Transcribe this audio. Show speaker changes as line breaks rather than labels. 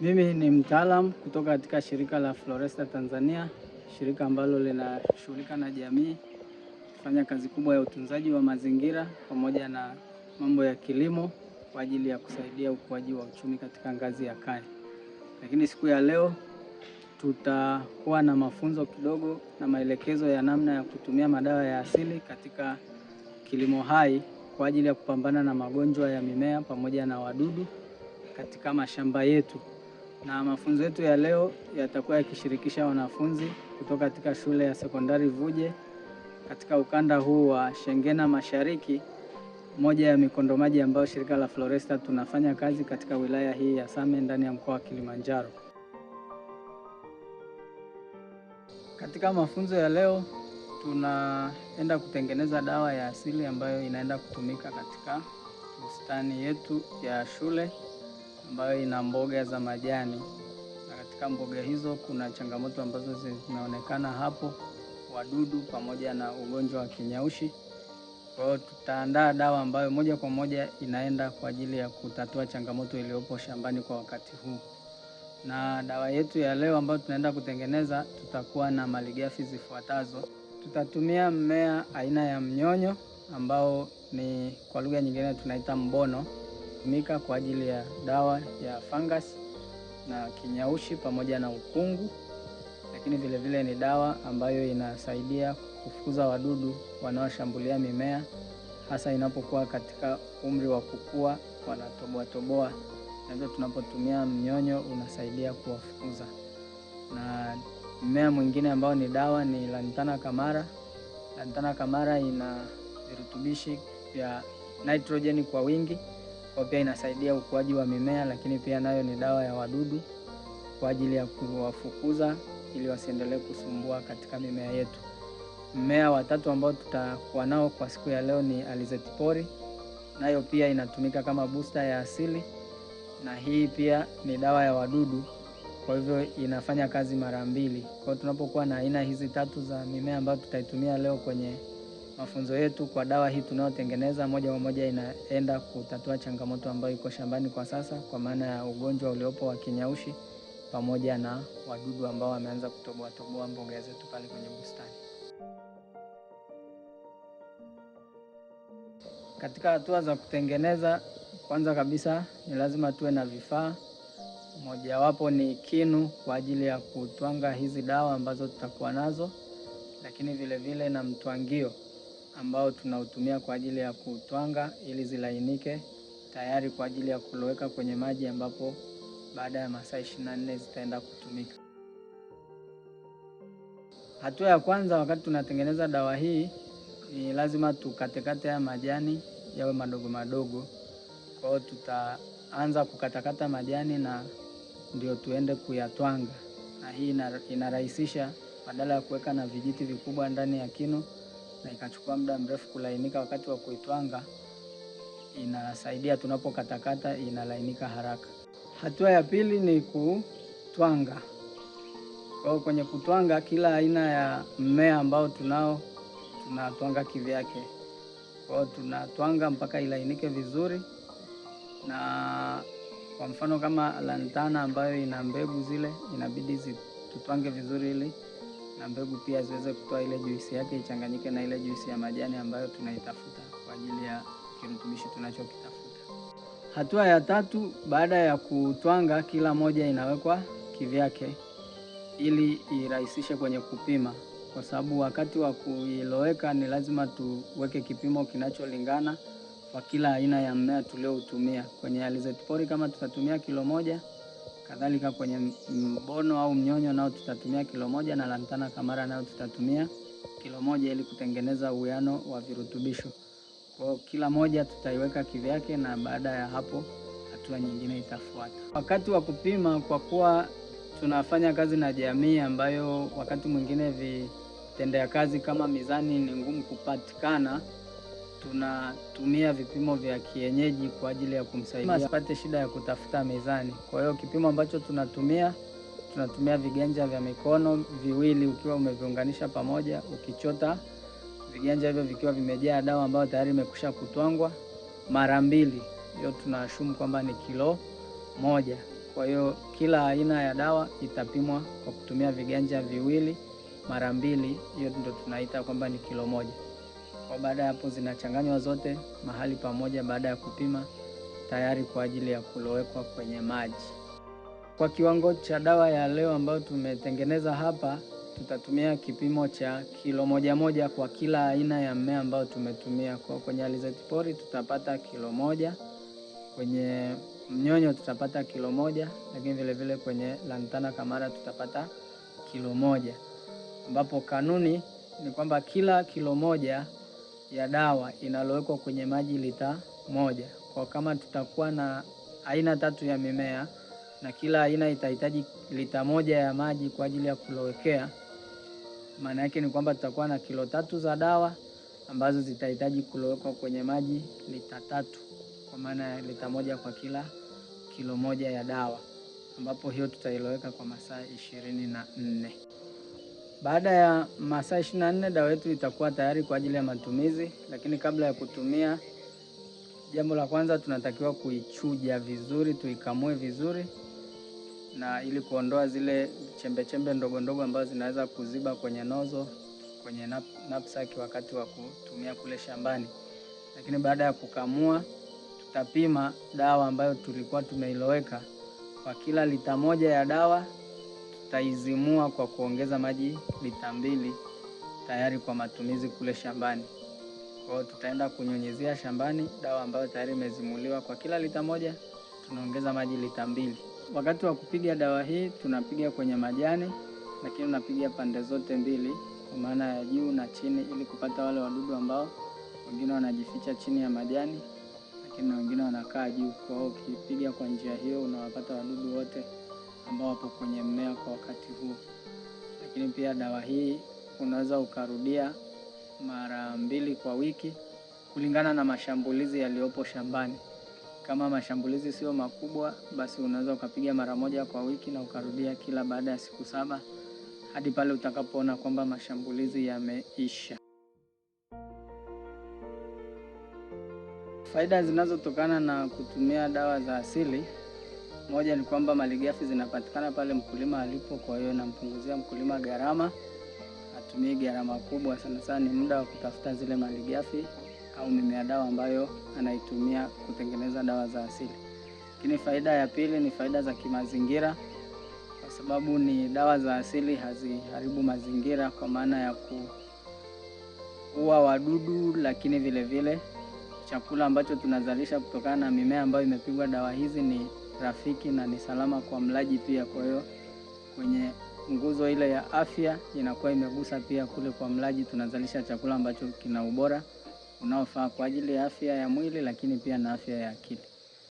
Mimi ni mtaalam kutoka katika shirika la Floresta Tanzania, shirika ambalo linashughulika na jamii, kufanya kazi kubwa ya utunzaji wa mazingira pamoja na mambo ya kilimo kwa ajili ya kusaidia ukuaji wa uchumi katika ngazi ya kaya. Lakini siku ya leo tutakuwa na mafunzo kidogo na maelekezo ya namna ya kutumia madawa ya asili katika kilimo hai kwa ajili ya kupambana na magonjwa ya mimea pamoja na wadudu katika mashamba yetu na mafunzo yetu ya leo yatakuwa yakishirikisha wanafunzi kutoka katika shule ya sekondari Vuje katika ukanda huu wa Shengena Mashariki, moja ya mikondomaji ambayo shirika la Floresta tunafanya kazi katika wilaya hii ya Same ndani ya mkoa wa Kilimanjaro. Katika mafunzo ya leo tunaenda kutengeneza dawa ya asili ambayo inaenda kutumika katika bustani yetu ya shule ambayo ina mboga za majani, na katika mboga hizo kuna changamoto ambazo zinaonekana hapo, wadudu pamoja na ugonjwa wa kinyaushi. Kwa hiyo tutaandaa dawa ambayo moja kwa moja inaenda kwa ajili ya kutatua changamoto iliyopo shambani kwa wakati huu. Na dawa yetu ya leo ambayo tunaenda kutengeneza, tutakuwa na malighafi zifuatazo. Tutatumia mmea aina ya mnyonyo ambao ni kwa lugha nyingine tunaita mbono kutumika kwa ajili ya dawa ya fungus na kinyaushi pamoja na ukungu, lakini vilevile vile ni dawa ambayo inasaidia kufukuza wadudu wanaoshambulia mimea hasa inapokuwa katika umri wa kukua, wanatoboa toboa, na hivyo tunapotumia mnyonyo unasaidia kuwafukuza. Na mmea mwingine ambao ni dawa ni Lantana kamara Lantana kamara ina virutubishi vya nitrojeni kwa wingi kwa pia inasaidia ukuaji wa mimea, lakini pia nayo ni dawa ya wadudu kwa ajili ya kuwafukuza ili wasiendelee kusumbua katika mimea yetu. Mmea wa tatu ambao tutakuwa nao kwa siku ya leo ni alizeti pori, nayo pia inatumika kama booster ya asili, na hii pia ni dawa ya wadudu, kwa hivyo inafanya kazi mara mbili. Kwa hiyo tunapokuwa na aina hizi tatu za mimea ambayo tutaitumia leo kwenye mafunzo yetu kwa dawa hii tunayotengeneza moja kwa moja inaenda kutatua changamoto ambayo iko shambani kwa sasa, kwa maana ya ugonjwa uliopo wa kinyaushi pamoja na wadudu ambao wameanza kutoboa toboa mboga zetu pale kwenye bustani. Katika hatua za kutengeneza, kwanza kabisa ni lazima tuwe na vifaa. Mojawapo ni kinu kwa ajili ya kutwanga hizi dawa ambazo tutakuwa nazo, lakini vilevile vile na mtwangio ambao tunautumia kwa ajili ya kutwanga ili zilainike, tayari kwa ajili ya kuloweka kwenye maji ambapo baada ya masaa ishirini na nne zitaenda kutumika. Hatua ya kwanza, wakati tunatengeneza dawa hii, ni lazima tukatekate haya majani yawe madogo madogo. Kwa hiyo tutaanza kukatakata majani na ndio tuende kuyatwanga, na hii inarahisisha badala ya kuweka na vijiti vikubwa ndani ya kinu na ikachukua muda mrefu kulainika, wakati wa kuitwanga inasaidia tunapokatakata inalainika haraka. Hatua ya pili ni kutwanga. Kwa kwenye kutwanga, kila aina ya mmea ambao tunao tunatwanga kivyake. Kwa hiyo tunatwanga mpaka ilainike vizuri, na kwa mfano kama lantana ambayo ina mbegu zile inabidi tutwange vizuri ili na mbegu pia ziweze kutoa ile juisi yake ichanganyike na ile juisi ya majani ambayo tunaitafuta kwa ajili ya kirutubishi tunachokitafuta. Hatua ya tatu, baada ya kutwanga, kila moja inawekwa kivyake ili irahisishe kwenye kupima, kwa sababu wakati wa kuiloweka ni lazima tuweke kipimo kinacholingana kwa kila aina ya mmea tulioutumia. Kwenye alizeti kama tutatumia kilo moja kadhalika kwenye mbono au mnyonyo nao tutatumia kilo moja na lantana kamara nayo tutatumia kilo moja ili kutengeneza uwiano wa virutubisho. Kwa kila moja tutaiweka kivyake, na baada ya hapo hatua nyingine itafuata. Wakati wa kupima, kwa kuwa tunafanya kazi na jamii ambayo wakati mwingine vitendea kazi kama mizani ni ngumu kupatikana tunatumia vipimo vya kienyeji kwa ajili ya kumsaidia asipate shida ya kutafuta mizani. Kwa hiyo kipimo ambacho tunatumia tunatumia viganja vya mikono viwili ukiwa umeviunganisha pamoja, ukichota viganja hivyo vikiwa vimejaa dawa ambayo tayari imekusha kutwangwa mara mbili, hiyo tunashumu kwamba ni kilo moja. Kwa hiyo kila aina ya dawa itapimwa kwa kutumia viganja viwili mara mbili, hiyo ndio tunaita kwamba ni kilo moja. Kwa baada ya hapo zinachanganywa zote mahali pamoja baada ya kupima, tayari kwa ajili ya kulowekwa kwenye maji. Kwa kiwango cha dawa ya leo ambayo tumetengeneza hapa, tutatumia kipimo cha kilo moja moja kwa kila aina ya mmea ambao tumetumia. Kwa kwenye alizeti pori tutapata kilo moja, kwenye mnyonyo tutapata kilo moja, lakini vile vile kwenye lantana kamara tutapata kilo moja, ambapo kanuni ni kwamba kila kilo moja ya dawa inalowekwa kwenye maji lita moja. Kwa kama tutakuwa na aina tatu ya mimea na kila aina itahitaji lita moja ya maji kwa ajili ya kulowekea, maana yake ni kwamba tutakuwa na kilo tatu za dawa ambazo zitahitaji kulowekwa kwenye maji lita tatu, kwa maana ya lita moja kwa kila kilo moja ya dawa, ambapo hiyo tutailoweka kwa masaa ishirini na nne. Baada ya masaa 24 dawa yetu itakuwa tayari kwa ajili ya matumizi, lakini kabla ya kutumia, jambo la kwanza tunatakiwa kuichuja vizuri, tuikamue vizuri na ili kuondoa zile chembe chembe ndogo ndogo ambazo zinaweza kuziba kwenye nozo, kwenye nap, wakati wa kutumia kule shambani. Lakini baada ya kukamua, tutapima dawa ambayo tulikuwa tumeiloweka. Kwa kila lita moja ya dawa tutaizimua kwa kuongeza maji lita mbili tayari kwa matumizi kule shambani. Kwa hiyo tutaenda kunyunyizia shambani dawa ambayo tayari imezimuliwa kwa kila lita moja tunaongeza maji lita mbili. Wakati wa kupiga dawa hii tunapiga kwenye majani, lakini unapiga pande zote mbili, kwa maana ya juu na chini, ili kupata wale wadudu ambao wengine wanajificha chini ya majani, lakini na wengine wanakaa juu. Kwa hiyo ukipiga kwa njia hiyo unawapata wadudu wote ambao wapo kwenye mmea kwa wakati huo. Lakini pia dawa hii unaweza ukarudia mara mbili kwa wiki kulingana na mashambulizi yaliyopo shambani. Kama mashambulizi sio makubwa, basi unaweza ukapiga mara moja kwa wiki na ukarudia kila baada ya siku saba hadi pale utakapoona kwamba mashambulizi yameisha. Faida zinazotokana na kutumia dawa za asili moja ni kwamba malighafi zinapatikana pale mkulima alipo, kwa hiyo nampunguzia mkulima gharama, atumie gharama kubwa sana sana, ni muda wa kutafuta zile malighafi au mimea dawa ambayo anaitumia kutengeneza dawa za asili. Lakini faida ya pili ni faida za kimazingira, kwa sababu ni dawa za asili, haziharibu mazingira kwa maana ya kuua wadudu, lakini vilevile vile, chakula ambacho tunazalisha kutokana na mimea ambayo imepigwa dawa hizi ni rafiki na ni salama kwa mlaji pia. Kwa hiyo kwenye nguzo ile ya afya inakuwa imegusa pia kule kwa mlaji, tunazalisha chakula ambacho kina ubora unaofaa kwa ajili ya afya ya mwili, lakini pia na afya ya akili.